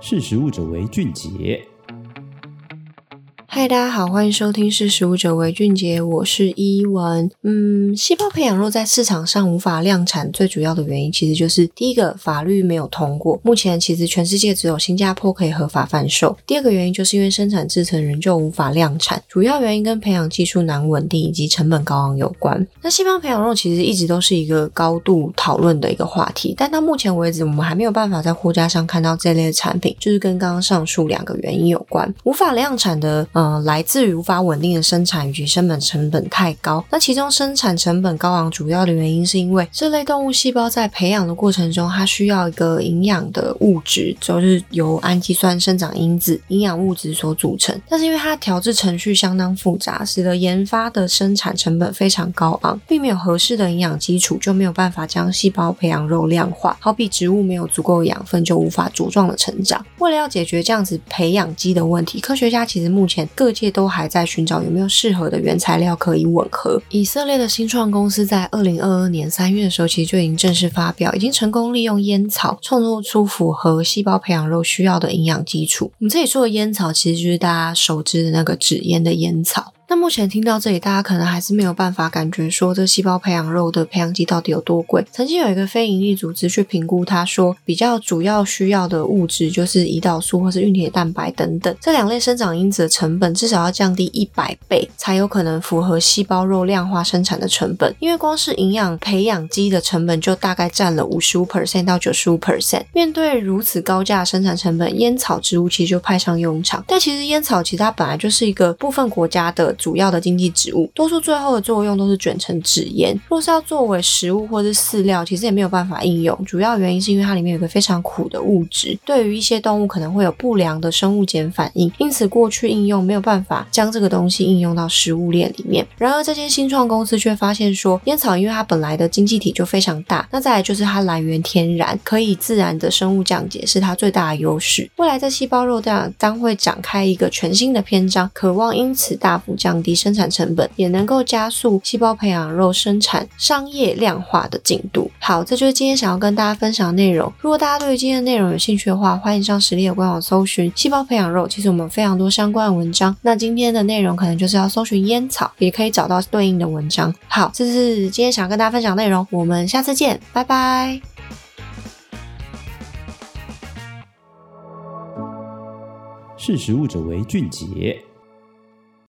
識時務者為俊傑。嗨，大家好，歡迎收聽《識食物者》為俊杰，我是依文。嗯，細胞培養肉在市場上無法量產，最主要的原因其實就是第一個，法律沒有通過。目前其實全世界只有新加坡可以合法販售。第二個原因就是因為生產製程仍舊無法量產，主要原因跟培養技術難穩定以及成本高昂有關。那細胞培養肉其實一直都是一個高度討論的一個話題，但到目前為止，我們還沒有辦法在貨架上看到這類產品，就是跟剛剛上述兩個原因有關，無法量產的啊。嗯呃，來自於無法穩定的生產以及生產成本太高。那其中生產成本高昂主要的原因是因為這類動物細胞在培養的過程中，它需要一個營養的物質，就是由氨基酸、生長因子、營養物質所組成。但是因為它調制程序相當複雜，使得研發的生產成本非常高昂，並沒有合適的營養基礎，就沒有辦法將細胞培養肉量化。好比植物沒有足夠養分就無法茁壯的成長。為了要解決這樣子培養基的問題，科學家其實目前。各界都還在尋找有沒有適合的原材料可以吻合。以色列的新創公司在二零二二年三月的時候，其實就已經正式發表，已經成功利用菸草創作出符合細胞培養肉需要的營養基礎。我們這裡說的菸草，其實就是大家熟知的那個紙菸的菸草。那目前聽到這裡，大家可能還是沒有辦法感覺說，這細胞培養肉的培養基到底有多貴。曾經有一個非營利組織去評估它，他說比較主要需要的物質就是胰島素或是運鐵蛋白等等，這兩類生長因子的成本至少要降低一百倍，才有可能符合細胞肉量化生產的成本。因為光是營養培養基的成本就大概占了五十五 percent 到九十五 percent。面對如此高價的生產成本，菸草植物其實就派上用場。但其實菸草其實它本來就是一個部分國家的主要的經濟植物，多數最後的作用都是捲成紙菸。若是要作為食物或是飼料，其實也沒有辦法應用。主要原因是因為它裡面有個非常苦的物質，對於一些動物可能會有不良的生物鹼反應，因此過去應用沒有辦法將這個東西應用到食物鏈裡面。然而，這間新創公司卻發現說，菸草因為它本來的經濟體就非常大，那再來就是它來源天然，可以自然的生物降解，是它最大的優勢。未來在細胞肉這樣當會展開一個全新的篇章，可望因此大幅降低生產成本，也能夠加速細胞培養肉生產商業量化的進度。好，這就是今天想要跟大家分享的內容。如果大家對於今天的內容有興趣的話，歡迎上食力的官網搜尋細胞培養肉，其實我們非常多相關的文章。那今天的內容可能就是要搜尋菸草，也可以。找到對應的文章。好，這是今天想跟大家分享的內容。我們下次見，拜拜。識食物者為俊傑。